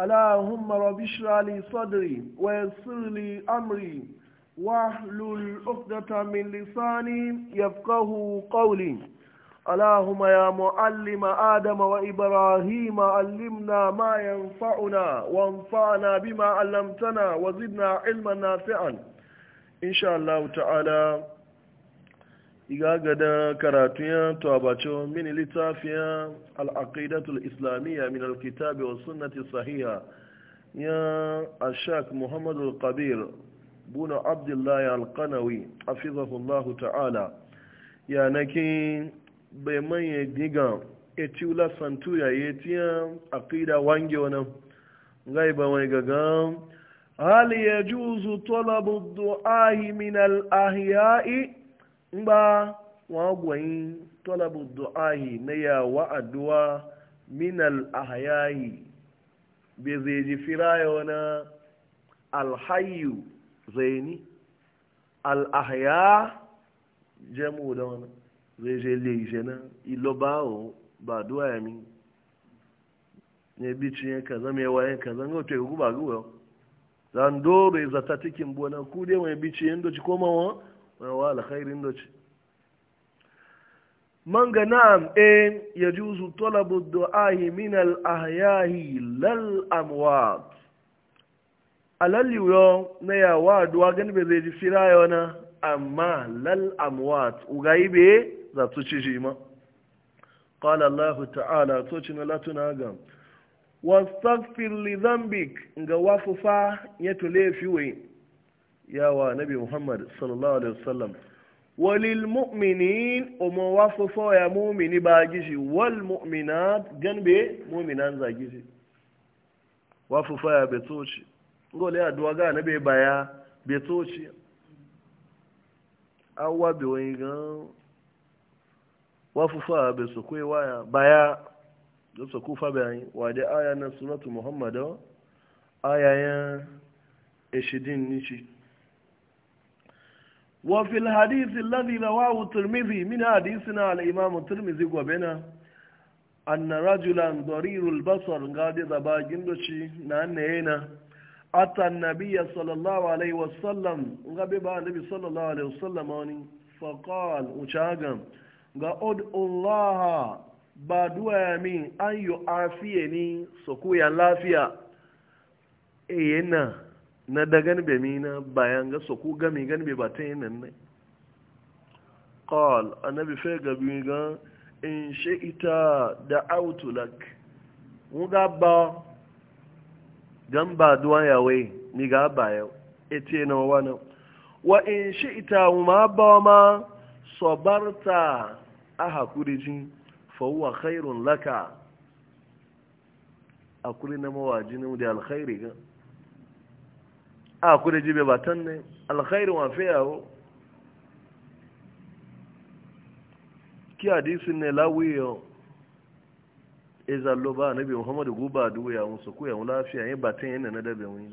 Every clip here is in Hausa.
اللهم رب اشرح لي صدري ويسر لي امري واحلل عقدة من لساني يفقه قولي اللهم يا معلم آدم وإبراهيم علمنا ما ينفعنا وانفعنا بما علمتنا وزدنا علما نافعا إن شاء الله تعالى gada da ya tuwabacewa mini littafiyan al'aqidatul islamiyya min alkitabi wa sunnati sahiha ya ashak Muhammadu al-kabir buna abdullahi al-kanawi afizahullahu ta'ala yanaki bai manye diga etiula santuya ya tiya aqida wange wani gaiba wani gagan hal ya juzu talabu du'ahi min al-ahiya'i ngba wa gwayin tọlabu du'ahi na ya wa addu'a minal al ahyahi be zai ji firaya wani alhayu ni? al ahya jamu da wani zai je leje na ilo o ba du'a ya mi ne bicin ya kaza mai wayan kaza ga to guba guwa zan dore zata cikin bona ku dai mai bicin do ci komawa wa alkhairin da man ga na'am e ya juzu talabu du'ahi min al-ahyahi lal amwat alalli yo na ya wa duwa gan be zai ji firaya wana amma lal amwat ugayi be za su ci shi qala allah ta'ala to ci na latuna ga wastaghfir li dhanbik ga wafufa yato lefiwe yawa nabi muhammad sallallahu alaihi wasallam walil mu'minin umar wafu ya mumini ba gishi wal mu'minat ganbe muminan za gishi wafu ya betoci gole aduwa ga na bai baya betoci awa bi wani gan wafu faya bai su kwe waya baya da su kufa bayan wade aya na suratu muhammadu ayayen ishidin nishi وفي الحديث الذي رواه الترمذي من حديثنا على إمام الترمذي وبنا أن رجلا ضرير البصر قاد ذبا جندشي نانينا أتى النبي صلى الله عليه وسلم غبي النبي صلى الله عليه وسلم فقال وشاغم قد الله بدوا من أن يعافيني سكويا لافيا إينا na dagan be mina bayan ga so ku gami gan be batan yin nan ne qal annabi fai ga bi ga in shi'ita da'awtu lak mu ga ba gan ba duwa yawai ni ga ba yau ete na wana wa in shi'ita ma ba ma sabarta a hakuri jin fa huwa khairun laka akuri na mawaji ne da alkhairi gan a kuda jibe ba tan ne alkhairu wa fi yawo ki hadisin ne lawiyo izallo e ba annabi muhammad guba duya musu ku ya lafiya yin e batan yana na dabe mun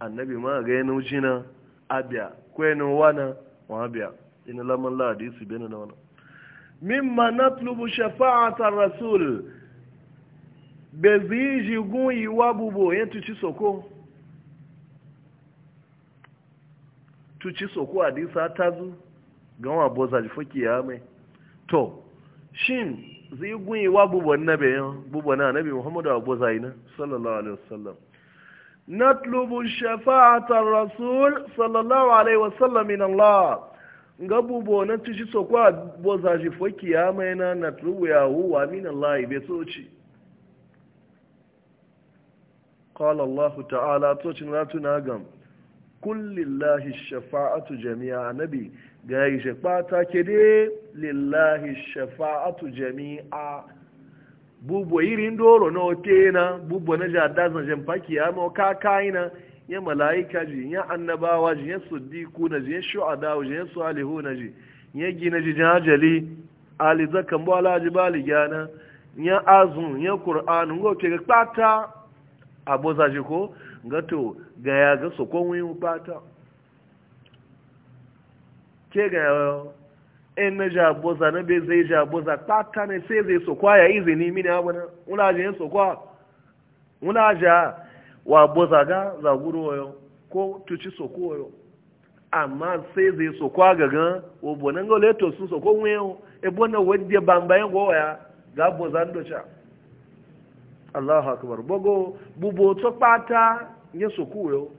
annabi ma ga yana ujina abiya ko yana wana wa abia ina laman la hadisi bena na wana mimma natlubu shafa'atar rasul beziji gun yiwa bubo yin tuci soko tuci soko hadisa ta zu gawa boza ji fuki ya mai to shin zai gunyi wa na bayan bubon na nabi muhammadu a boza yi na sallallahu alaihi wasallam natlubu shafa'atar rasul sallallahu alaihi wasallam min allah na tuci soko a boza ji fuki ya mai na natlubu ya huwa min allah ibe tsoci kullillahi shafa'atu jami'a nabi ga yi shafata ke de lillahi shafa'atu jami'a bubo irin doro na ote na bubo na jada na jamfaki ya ma kakai na ya mala'ika ji ya annabawa ji ya suddiku na ji ya shu'ada ji ya salihu na ji ya gina ji jajali ali zakan bo alaji bali gana ya azun ya qur'an ngo ke kpata abozaji ko gato ga ya ga sokon wuyin fata ke ga yawo in na jaboza na bai zai jaboza fata ne sai zai sokwa ya izini mini abuna wulaje ya sokwa wulaje wa boza ga zaguru wayo ko tuci sokwa wayo amma sai zai sokwa gaga obo nan ga leto sun soko wuyin ebo na wadda bambayin goya ga boza ndocha Allahu akbar bogo bubo to pata ya soku yo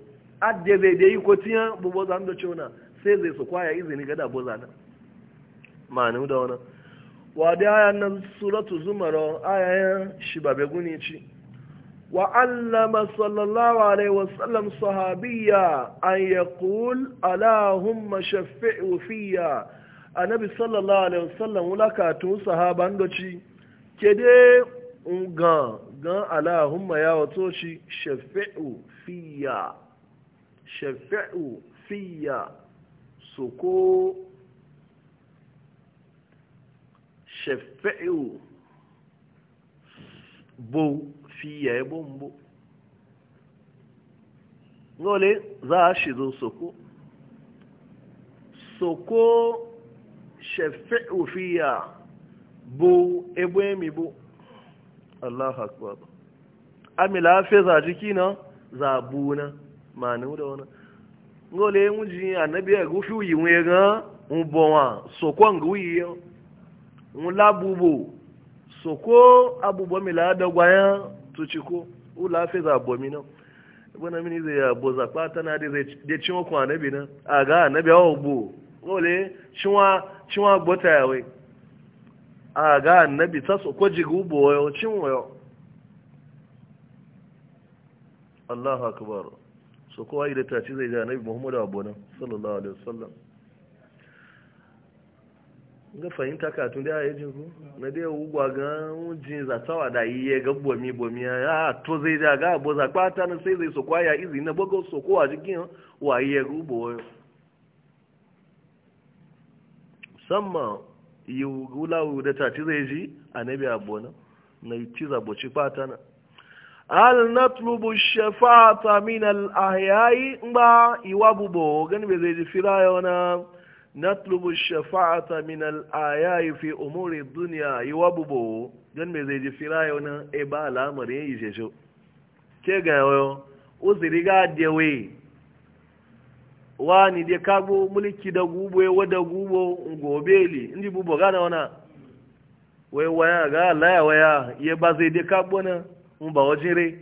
adde zai da yi kotiya bubo zan da cewa sai zai soku ya izini ga da boza na ma'anu da wani. wa da aya nan suratu zumar aya shi babe guni ci wa allama sallallahu alaihi wasallam sahabiyya an yaqul allahumma shaffi'u fiyya annabi sallallahu alaihi wa sallam wulakatu sahaban doci kede ngan gan allahumma ya wato shi shafi'u fiya shafi'u fiya su shafi'u bo fiya ya bombo za a shi zo soko soko shafi'u fiya bo ebo emi bo Allah akbar amila feza jiki na zabuna manu da wani ngole yin wuji annabi ya gufi yi wuye ga ubowa sokon guyi yau labubo soko abubuwa mila da gwaya tuciko ula fi na mina na mini zai yabo zakpa tana da cinwa kwa anabi na aga anabi annabi ya ngole cinwa gbota yawai a ga annabi ta soko jigu ubo yau cinwa yau Allahu akbar so kowa idan ta ci zai ga Annabi Muhammad abona sallallahu alaihi wasallam ga fahimta ka tun da ya jin ku na dai ugwa ga jin za tawa da iye ga bomi bomi ya to zai da ga bo za kwata na sai zai so kwaya izi na bogo so kowa jikin wa iye rubo samma yi wula da ta ci zai ji Annabi abona na ci ciza boci ci kwata na hal natlubu shafa'ata min al-ahya'i ba iwabubo gani bai zai fira yana natlubu shafa'ata min al-ahya'i fi umuri dunya iwabubo gani bai zai fira yana e ba al'amari yayi jejo ke ga yo uziri ga dewe wani de kago mulki da gubo ya wada gubo gobeli ndi bubo gana wana wai waya ga laya waya ye ba zai de kago na in ba wajen rai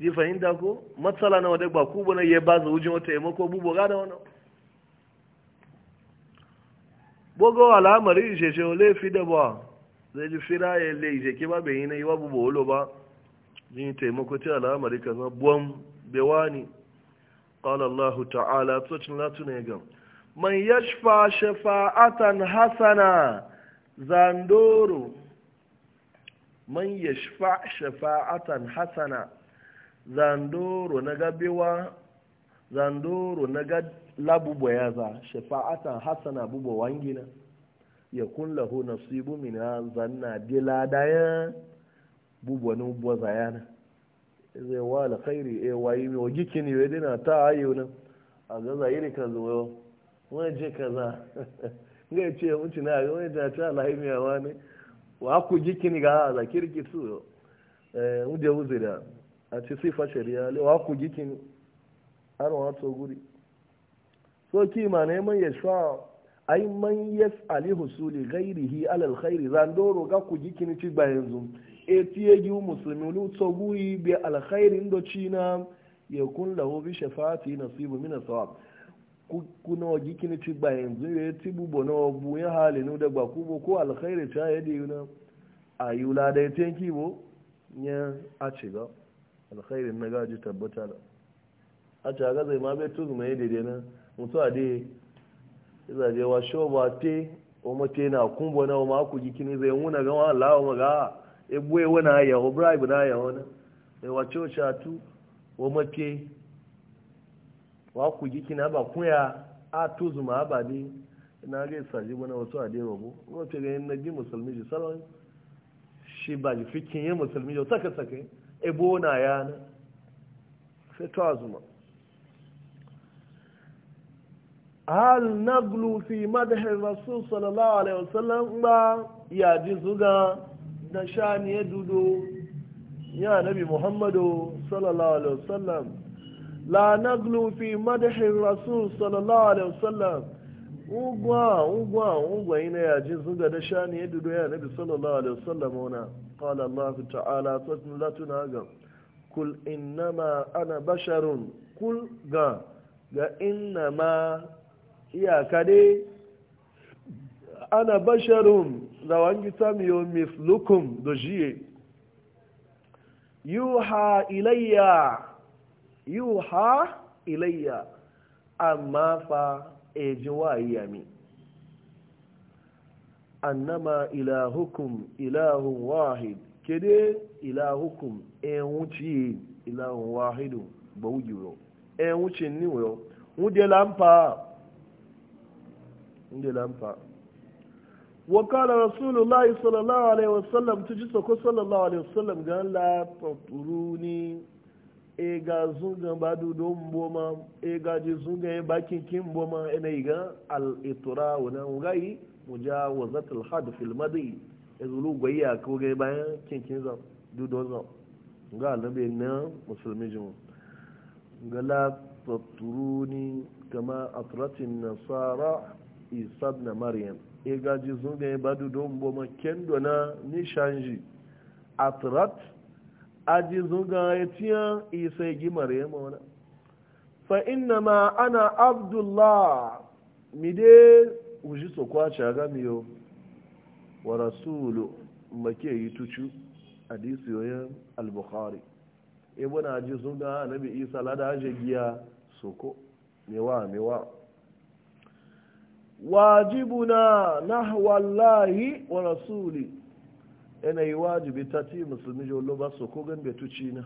ji fahimta ko matsala na wadda ba ku bane ya ba za wujin wata yamako bubo gada wani bogo al'amari ìṣẹ̀ṣẹ̀ ò lè fi dẹ̀bọ̀ zai ji fira ya lè ìṣẹ̀kí ba bai yi na iwa bubo wolo ba jin taimako ta al'amari kan buwan bewani قال الله تعالى تسوچن لا تنيغم من يشفع شفاعة حسنة زاندورو man ya shafa shafa'atan hasana zandoro na gabewa zandoro na ga labubo ya za shafa'atan hasana bubo wangina ya kun lahu nasibu mina zanna dila daya bubo ni bubo zayana zai wa alkhairi e a wayi mi waji kini we dina ta ayo nan a ga iri ka zo wani je kaza ngai ce mutuna ga wani da ta alhaimiyawa ne wa ku kini ga za kirki su eh uje uzira a ci sifa shari'a le wa ku kini an wa to guri so ki ma ne man ai man yas'ali husuli ghairihi ala alkhairi zan doro ga ku kini ci ba yanzu e tiye ji lu to guri bi alkhairin do cina yakun lahu bi shafati nasibu min as-sawab kuna waje ci ba yanzu ya ci bubo na wabu ya halinu da ba kubo ko alkhairi ta ya da yuna a yi wula da ya tenki bo ya a ci ga alkhairi na gaji tabbata da a ci ga zai ma bai tuzu mai daidai na mutu a dai zaje wa sho ba te o mate na kumbo na o ma ku ji zai wuna ga wa lawo ma ga e buwe wana ya o bribe na ya wana e wa cho cha tu o mate wa ku gi kina ba kuya a tuzu ma ba ne na ga saji wani wasu a dai robo ko ce ga na ji musulmi ji salon shi ba ji fikin ya musulmi ji saka saka e ya na sai to azuma hal naglu fi madh rasul sallallahu alaihi wasallam ba ya ji zuga da shani ya dudo ya nabi muhammadu sallallahu alaihi wasallam la naglu fi madahin rasul sallallahu alaihi wasallam ugwa ugwa ugwa ina ya ji zuga da shani ya dudu ya nabi sallallahu alaihi wasallam wana qala allah ta'ala satun latuna ga kul innama ana basharun kul ga ga innama iyaka dai ana basharun da zawangi samiyo mislukum dojiye yuha ilayya yuha ilayya amma fa eji wayi annama ilahukum ilahun wahid kede ilahukum enwuci ilahun wahidu gbawujiro enwuci niwo wudela mpa wudela mpa وقال رسول الله صلى الله عليه وسلم تجسكو صلى الله عليه Ega ga zunga ba dudu mboma Ega ji zunga ya e bakin kin mboma ina yi ga al'itura wani ngayi muja wazat al-had fil madi ya e zulu gwayya ko ga bayan kin kin zan dudu zan ga alabe na musulmi jin ga la taturuni kama atratin nasara isa na maryam Ega ji zunga ya e ba dudu mboma kendo na nishanji atrat aji zunga ya tiya isa gimar ya mawana fa inna ma ana abdullah mi de uji so kwace ga wa rasulu make yi tucu hadisi yoyin al-bukhari na aji zunga nabi isa lada aje giya soko mewa mewa wajibuna na wallahi wa rasuli yanayi wajibi ta ci musulmi jolo ba su ko gan betuci na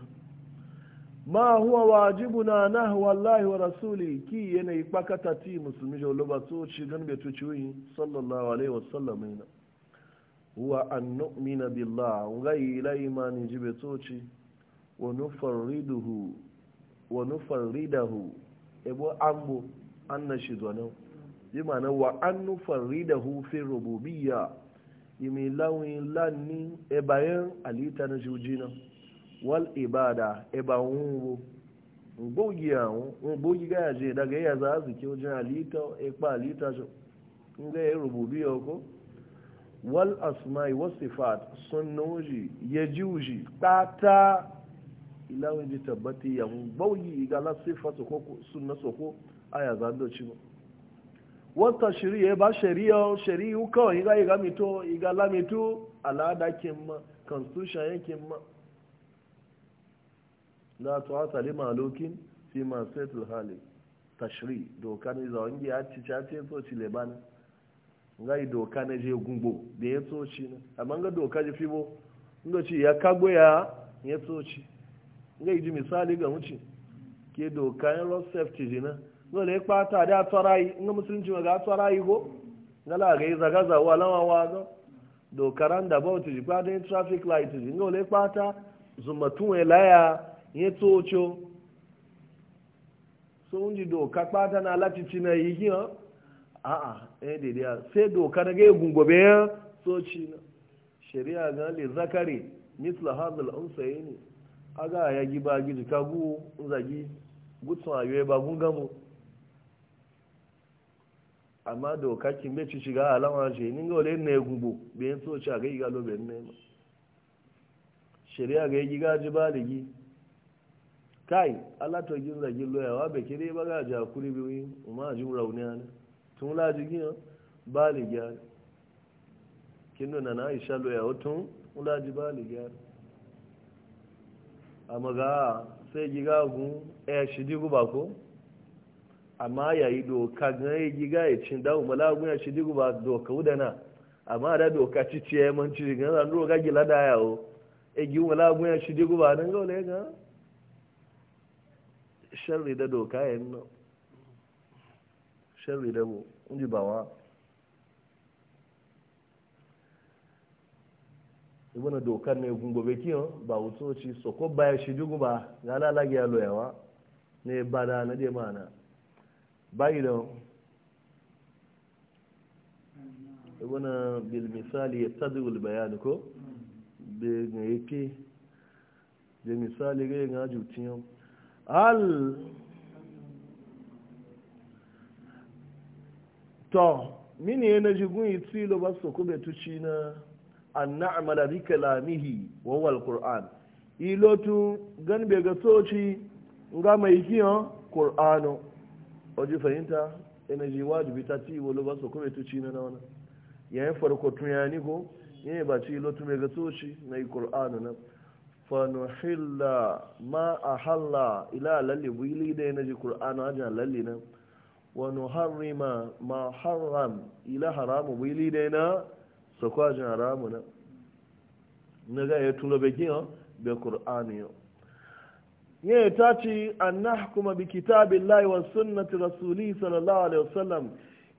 ma huwa wajibu na na wallahi wa rasuli ki yanayi kpakata ti musulmi jolo ba su ci gan betuci wi sallallahu alaihi wasallam ina huwa an nu'mina billah ngai ila imani jibe toci wa nufarriduhu wa nufarridahu ebo ambo annashidu nan bi ma'ana wa an nufarridahu fi rububiyya yimi lawin lanni ebayen alita na jujina wal ibada ebawun wo ngbogi awon ngbogi ga je daga ya za zike wajen alita ekpa alita jo nga ya rububi oko wal asma'i was sifat sunnoji yajuji tata ilawin ji tabbati ya ngbogi ga la sifatu ko sunna soko aya za ndo ci ba wata ya ba shari'a shari'u kawai ga iga mito iga lamitu al'ada kimma constitution yankin ma la tu'ata li malukin fi ma setul hali tashri doka ne za wangi ya ci ta ce so ci leban ga yi doka ne je gungbo da ya so ci na amma ga doka je fibo ndo ci ya kagbo ya ya so ci ga yi misali ga muci ke doka ne road safety na dole ya kpata da tsarayi in musulunci ma ga tsarayi ko ngala ga yi wa lawa wa ga dokaran da bauti ji kpata yin traffic light ji dole ya kpata zumatun ya laya ya so ji doka kpata na na yi a'a eh daidai sai doka na ga gungobe ya na shari'a ga le zakari misla hadal unsayni aga ya zagi ayoye ba amma doka kin bai ci shiga alama shi nin ga wale ne gugu bayan so ci a ga igalo bayan ne ma shari'a ga yi gaji baligi kai Allah to gin zagin wa, bai kire ba ga ja kuri biyu umma ji rauniya ne tun la ji gin baligi kin nuna na Aisha loyawa tun ula ji baligi amma ga sai giga gun eh shidi guba ko amma yayi doka ga ya giga ya cin dawo malagun ya shidi ba doka udana amma da doka ci ci ya man ci ga ran roga gila da yawo e gi malagun ya shidi ba nan ga wala ga sharri da doka yan no sharri da mu inji ba wa ibana dokar ne gungobe kiyon ba wutoci so ko baya shidi ba ga lalage ya loyawa ne ba na de mana bai da wani bilmisali ya tazirul bayani ko be ga yake da misali ge yin hajjutin yau al to mini yana jigun lo ba su kube tuci na an na'amala bi kalamihi wawal qur'an ilotu gan bai ga soci ga mai kiyan qur'ano waje fahimta ina ji wajibi ta ci wani ba su kuma tuci na nauna yayin farko tun ya ni ko yin ba ci lotu mai gasoci na yi ƙur'anu na fanuhilla ma a halla ila lalle wili da yana ji ƙur'anu ajiyar alali na wani harima ma ma haram ila haramu bu wili da yana sakwajin haramu na na ga ya tuna begin bai ƙur'anu yau ya ta ce an kuma bi kitabin wa sunnati rasuli sallallahu alaihi wasallam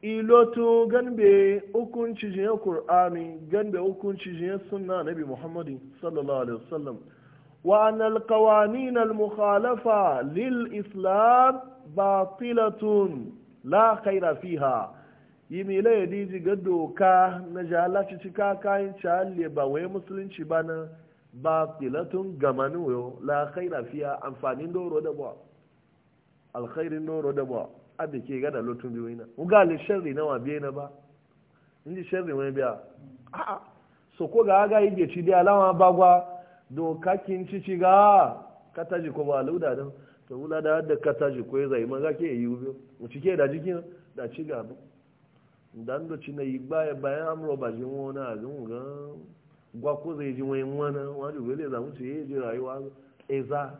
iloto ganbe hukunci jiyan qur'ani ganbe hukunci jiyan sunna nabi muhammad sallallahu alaihi wasallam wa anal qawanin al mukhalafa lil islam batilatun la khaira fiha yimi la yadi ga doka na jalaci cika kayan ba wai musulunci ba na batilatun gamani yo la khaira fiya amfanin doro da ba alkhairin doro da ba abin ke gada lotun biyu ina uga le sharri na wa biye ba inji sharri wani biya a'a so ko ga aga ibe ci biya lawa bagwa do kakin ci ga kataji ko ba lauda dan to wula da da kataji ko ya zai maza ke yi biyo mu cike da jikin da ci ga dan do ci na yi baya bayan amro ba jin wona ga gwa ko zai ji wani wana wani wele za mutu ya ji rayuwa eza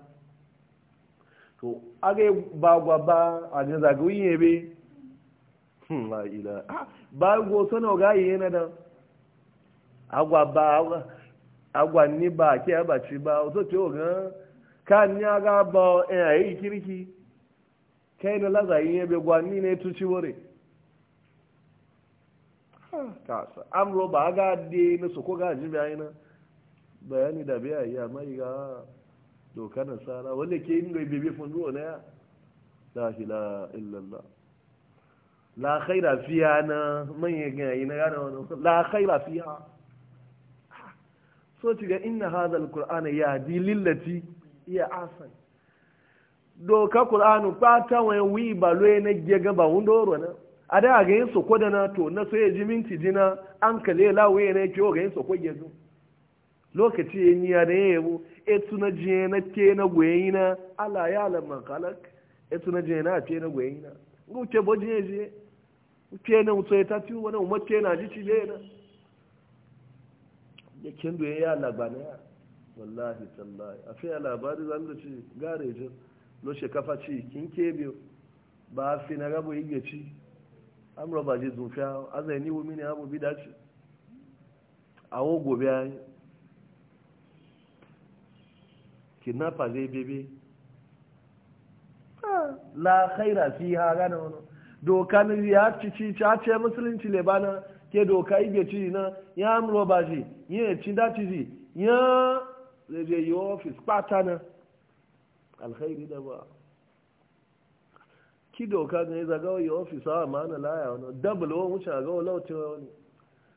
to ga ba gwa ba a ne zaga wuyi ebe hmm, la ila ba go sana ga yi yana da agwa ba agwa ni ba ke abachi ba o so ka ni aga ba e ayi kiriki kai na laza yi ebe gwa ni ne tuci wore kasa amro ba ga de na ko ga ji bayani ayina bayani da bai yi amma ga doka na sara wanda ke yin gai bebe fundu ne ya la ila illallah la khaira fiha na manyan ga na ga wani la khaira fiha so ti ga inna hadha alqur'ana yahdi lillati iya asan doka qur'anu pata wa wi balwe na gega ba wundoro na a da ga yin soko da na to na so ya ji minti jina an kale lawe ne ke ga yin soko ya zo lokaci ya niya da ya yabo e tuna je na ke na goyi na ala ya lamma kalak e na je na ke na goyi na ngo ke bo je je ke na so ya tati wani umma ke na ji ci na ya kendo ya lagba na ya wallahi tallahi a fi labari zan da ci gare jin lo shekafa ci kin ke ba fi na rabo yi ci amra ba je zufiya azai ni wumi ne abu bida ce awo gobe ya yi kidnapper zai bebe la khaira fi ha gana wani doka na ya ci ci ce musulunci le bana ke doka ibe ci na ya amuru ba ji ya ci da ci ya zai yi ofis pata na alkhairi da ba ki doka ga ya zagawa yi ofisa a ma'ana laya wani double wani wuce a gawa lautin wani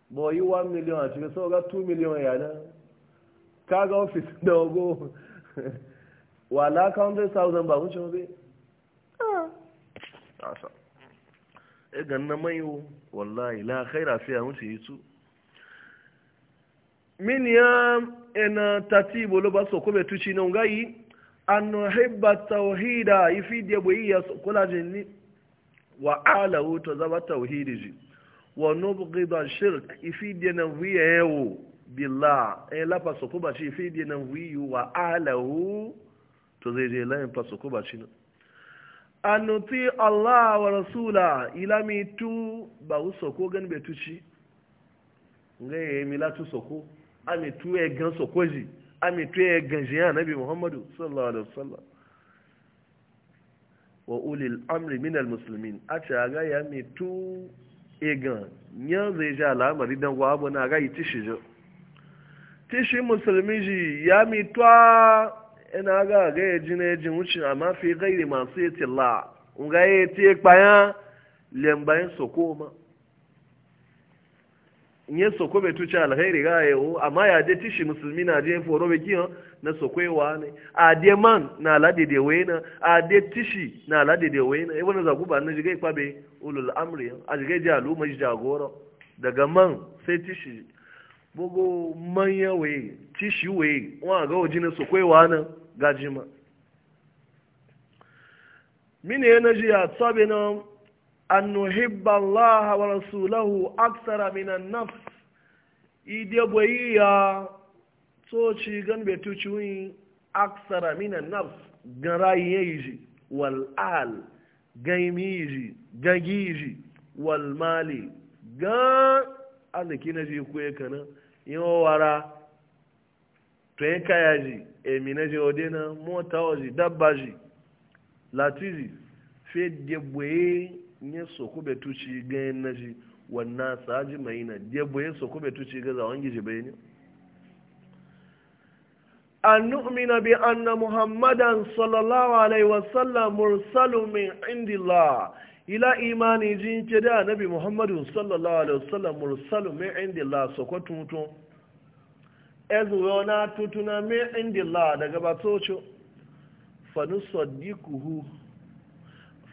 ba yi 1 miliyan a cikin sau ga 2 miliyan yana ka ga ofis da ogo wala ka 100,000 ba wuce wabe asa ah. ah, e wallahi la khaira a wuce yi su min ya ena tati bolo ba so kome tuci na ngayi an nuhibba tauhida ifi da bai ya kula jini, wa alahu to zama tauhidi ji wa nubghida shirk ifi da nan wiya yawo billa, e eh lafa su kuma shi ifi da nan wiyu wa alahu to zai je layin fa su kuma shi an nuti Allah wa rasula ilami tu ba uso ko gan betuci ngai milatu soko ami tu e gan soko ji amitu ya ganshi ya nabi muhammadu sallallahu alaihi wasallam wa ulil amri min almuslimin a ce ga ya mitu egan yan zai ji al'amari don wa abu na ga yi tishi jo tishi musulmi ji ya mitu ina ga ga ya ji na ji wuce a mafi gairi masu yi tilla ga ya ti kpayan lembayin sokoma nye soko bai tuce alheri ga yawo amma ya je tishi musulmi na je foro bai kiyo na soko yawa ne a de man na alade de wena a de tishi na alade de wena e wani zagu ba na jiga ikpa bai ulul amri a jiga je alu mai jagoro daga man sai tishi bogo manya we tishi we wa ga oji na soko yawa na gajima mine yana ji ya tsabe na an nuhibba Allah wa rasulahu aksara minan nafs ide boyiya so ci gan betu ciwin aksara minan nafs gan ji wal al gan miji wal mali gan arziki na ji kuye kana yin wara to yin kaya ji emi na ji odena mota ji dabba ji ji fe de boye nye soko bai tuci ganyen na ji, wannan saji mai na jebo ya soko bai tuci gaza zawon ji bai ne an nu'mina bi anna muhammadan sallallahu alaihi wasallam mursalun min indillah ila imani jin ce da nabi muhammadu sallallahu alaihi wasallam mursalun min indillah soko tuntun ezuwa na tutuna min indillah daga batocin fanusaddiquhu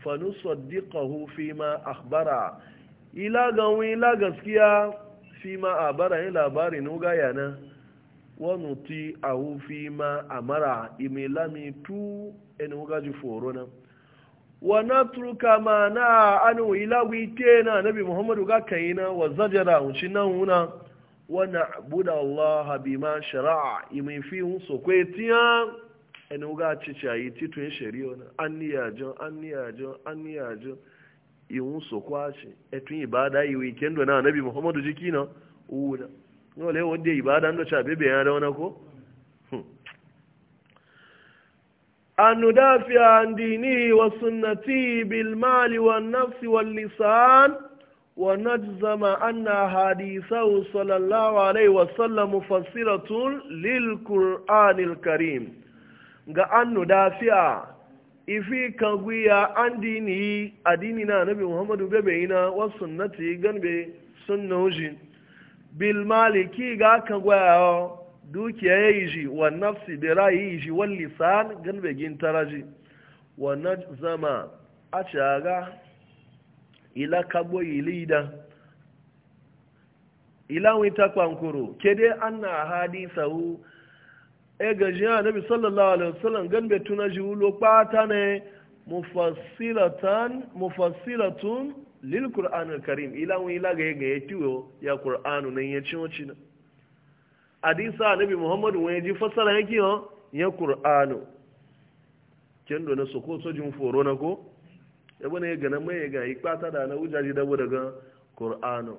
fanusaddiqahu fi ma akhbara ila ganwi ila gaskiya fi ma abara yin labari ni ga yana wani ti ahu fi ma amara imilami tu eni ga ji foro na wa natruka ma na anu ila wite na nabi muhammadu ga kaina wa zajara uci nan huna wa na'budu allah bima shara'a imi fi hun sokwetiyan ẹni ga cici ayi titun shari'a na an niyajen an niyajen an niyajen ihun sokwa ce etun ibada iwe kendo na anabi muhammadu jiki na uwuda yau le wanda ibada ndo cha bebe ya dauna ko hmm. an nudafiya an dini wa sunnati bilmali, wa nafsi wa lisan wa najzama anna hadithahu sallallahu alaihi wa sallam mufassiratun lil qur'anil karim ga annu dafiya ifi kan guya an dini adini na nabi muhammadu bebe ina wasu sunnati ganbe sunnojin bil maliki ga kan o dukiya ya yi ji wa nafsi da rayi yi ji wa lisan ganbe gintaraji wa na zama a caga ila kabo ilida ila wita kwankuru kede an na hadisahu e gaji ya nabi sallallahu alaihi wasallam gan be tuna ji wulo pata ne mufassiratan mufassiratun lil qur'an al karim ila wi ila ga ga tiwo ya qur'anu nan ya cin wacin hadisa nabi muhammadu wani ji fassara yake yo ya qur'anu kendo na soko sojin foro na ko ya bane ga nan mai ga ipata da na ujaji dabo daga qur'anu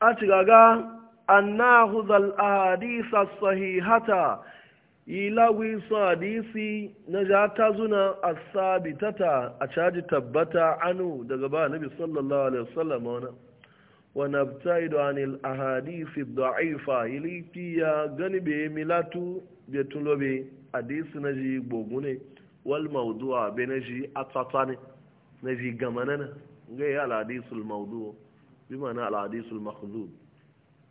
a ga. an na huzal ahadisa sahihata ilawin su hadisi na ja ta zuna a sabitata a caji tabbata anu daga ba nabi sallallahu alaihi wasallam wani wani abtai da wani ahadisi da aifa ilifiya gani be milatu da tulobe hadisi na ji gbogbo wal mawuduwa be na ji atata na ji gamanana ga yi al'adisul mawuduwa bi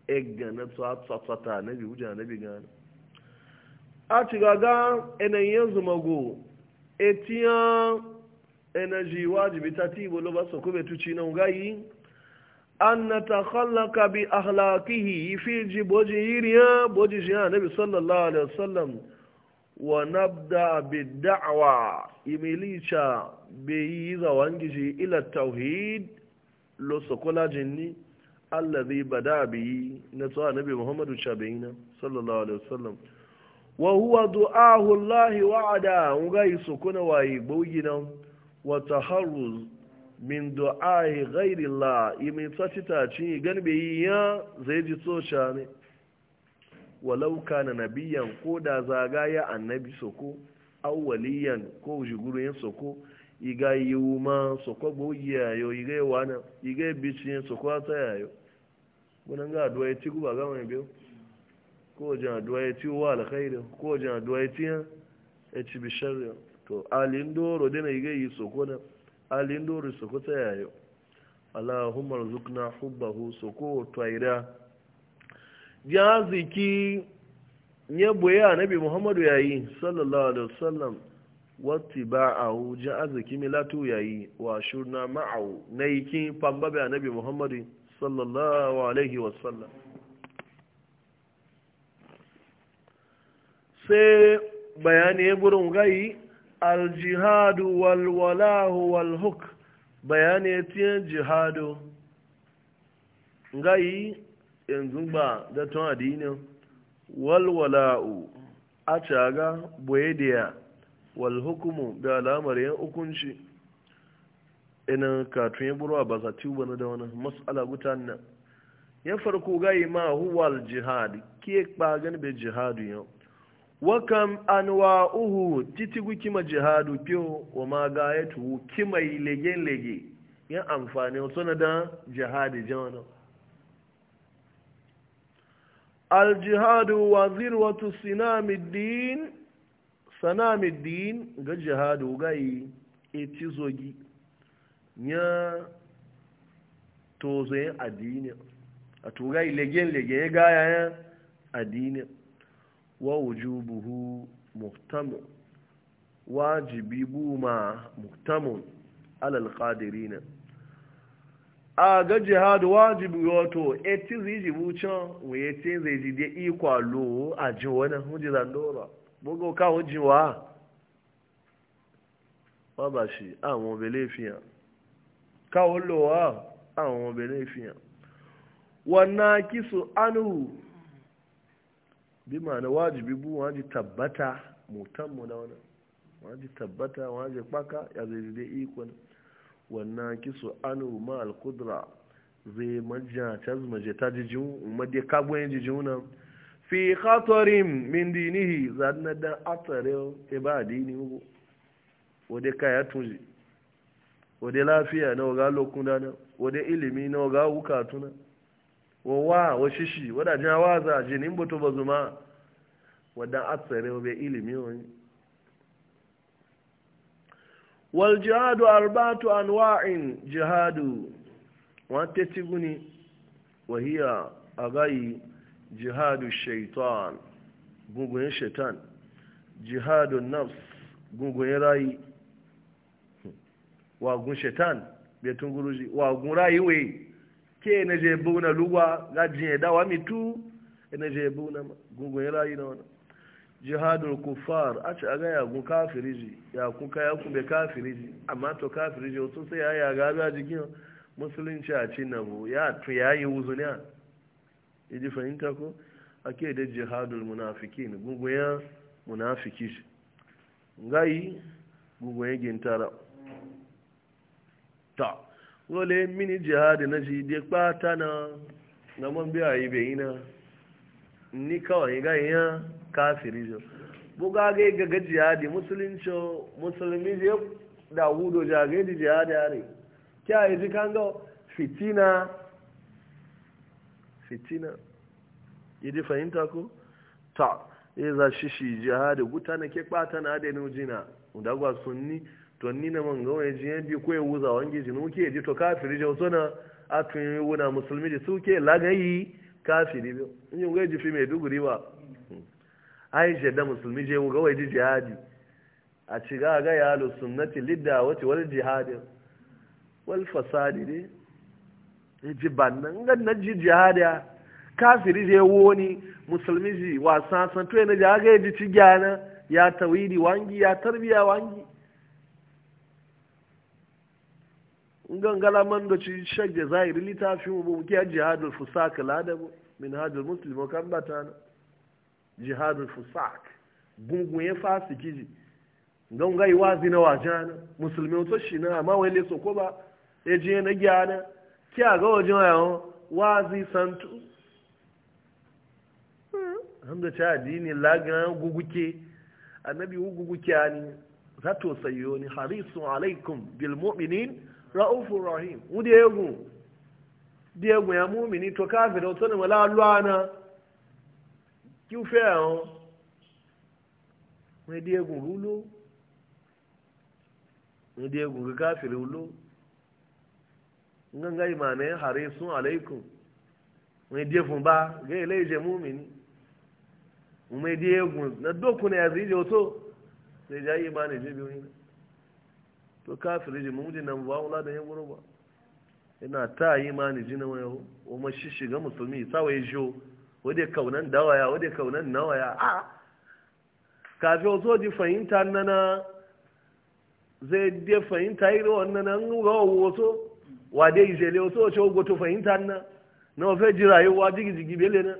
egga na tsatsata na bi wuja na bi gana a ci gaga yanayin zumago e wajibi ta ti bolo ba su kube tuci na ngayi an na ta khallaka bi ahlakihi fi ji boji yiriya boji shi na nabi sallallahu alaihi wasallam wa nabda bi da'wa imilicha bi yi zawangiji ila tauhid lo sokola jinni allazi bada bihi na tsawa nabi muhammadu shabaina sallallahu alaihi wasallam wa huwa du'ahu allah wa'ada un ga ngai sukuna wayi bugina wa taharruz min du'ahi ghairi allah imi tsatita ci ganbe ya zai ji tsocha ne walau kana nabiyan ko da zaga ya annabi soko awwaliyan ko jigurin soko iga yiwu ma soko gbogbo yayo iga yawana iga bicin soko ta yayo gunan ga aduwa ya guba gama ya biyu ko wajen aduwa ya ci wa alkhairu ko wajen aduwa ya ci ya ci to alin doro dina yi soko na alin doro soko ta yayo allahumma rzuqna hubbahu soko twaira jaziki ya boye annabi muhammadu yayi sallallahu alaihi wasallam wattiba'ahu jaziki milatu yayi wa shurna ma'ahu nayki pambabe anabi muhammadu sallallahu alaihi wasallam sai bayani ya gurin gai aljihadu walwalahu walhuk bayani tiye jihadu gai yanzu ba da tun adinin walwala'u a caga boye walhukumu da alamar yan hukunci ina katun ya burwa ba za tuba na da wani matsala gutan nan ya farko gayi ma huwal jihad ke kpagan be jihadu yau wakam anwa uhu titigu kima jihadu kyo wa ma gaya tuhu kima yi lege-lege ya amfani wasu na da jihadi al aljihadu wa zirwatu sinamiddin sanamiddin ga jihadu gayi eti zogi ya tozo adini, addini a turai legen-legen ya gaya ya addini wa wujubuhu ma wajibi buma muhtamun na. a ga jihadu wajibi wato eti zai ji bucan wai eti zai ji ikwalo a ji wani hujji zandora bugu ka hujji wa ba ba shi a ah, mobile fiye káwọ́ lò wá àwọn obìnrin ìfihàn wọn náà kí so anuhu bí màá na wájibi bíbú wọn ji tabbata mutanmu na náà wọn ji tabbata wọn ji kpaka ya zai dide ikon wannan kiso anuhu ma alkudra zai majiya ta zuma je ta jijin umarde kagwayen jijin nan fi khatarin min dinihi zanen dan atarin ibadini wadda kaya tunji wade lafiya na waga lokuna na wade ilimi na waga wukatu na wawa wa shishi wada jawa za jini bato ba zuma wadda atsare wabe ilimi wani wal jihadu arbatu anwa'in jihadu wata tiguni wahiya agayi jihadu shaitan gungun shaitan Jihadu nafs gungun rayi wagun shetan bai tunguruji wagun rayuwe ke na je buna lugwa gajin ya dawa mitu na je buna gungun rayu na wani jihadul kufar a ci aga yagun kafiriji ya kuka kube kafiriji amma to kafiriji wasu sai ya yi gabi jikin musulunci a cin namu ya tu ya yi wuzuniya ya ji fahimta ko ke da jihadul munafiki ne gungun ya munafiki shi ngayi gungun ya gintara ta wale mini jihadi na ji de kpata na na man biya yi bai na ni kawai ga ya kafiri jo buga ga ga ga jihadi musulunci musulmi je da wudo jage di jihadi are kya yi ji kan ga fitina fitina yi fahimta ko ta ya za shi shi jihadi guta na ke kpata na adenu jina udagwa sunni to ni na man gawa ya jiyan bi ko ya wuza wange ji nu ke ji to kafiri je sona atun yi wuna musulmi ji su ke lagayi kafiri bi in yi ga ji fi mai duguri ba ai je da musulmi je gawa ya ji jihadi a ci ga ga ya lu sunnati lidda wati wal jihadi wal fasadi ne ji bannan ga na ji jihadi kafiri je woni musulmi ji wasan san to ya na ga ya ji ci gyana ya tawidi wangi ya tarbiya wangi ngangala man do ci shek da zahiri littafin mu muke ya jihadul fusak da mu. min hadul muslim kan bata na jihadul fusak gungun ya fasi kiji ngan gai wazi na wajana musulmi to shi na amma wai le soko ba e je na gyana ki a ga wajen yawo wazi santu hamda ta dini laga guguke annabi guguke ani zato sayo ni Harisu alaikum bil mu'minin ra'ufu rahim wudi egwu di egwu ya mumini to kafir to ne wala luana ki u fe on we di egwu rulo we di egwu ga kafir rulo nganga imane harisun alaikum we di fun ba ge eleje mumini ume di egwu na doku ya yazi je to sai jayi imane je biyu so kafiri ji mu ji nan ba wula da ya wuri ba ina ta yi ma ni ji na wayo o ma shi shiga musulmi sawaye jo wade kaunan dawaya wadda kaunan nawaya a kafi o so ji fahimta nana zai de fahimta yi da wannan an ga wasu wa dai zai waso ce goto fahimta na na wafe ji rayuwa jigi jigi bele na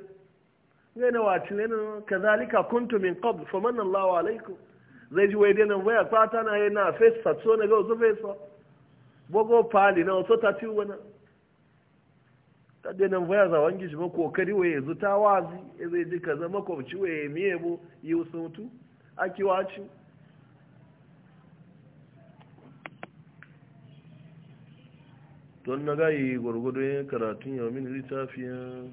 gaina wa ka kazalika kuntu min qabl famanallahu alaikum zai ji wai denan waya kwata na yi na fesa so na ga wasu fesa na pali na wasu tafi wani ta denan waya za wangi shi ba kokari wai ta wazi ya zai ji kaza makwabci wai ya miye bu yi wasu mutu a kiwaci don na gayi gwargwado yin karatun yau min littafiyan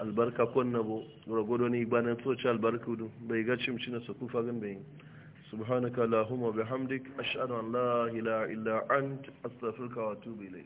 albarka konna bo gwargwado ni gbanin soci albarka hudu bai ga cimci na kufa fagen bayin subhanaka lahumma bihamdik ashhadu an la ilaha illa ant astaghfiruka wa atubu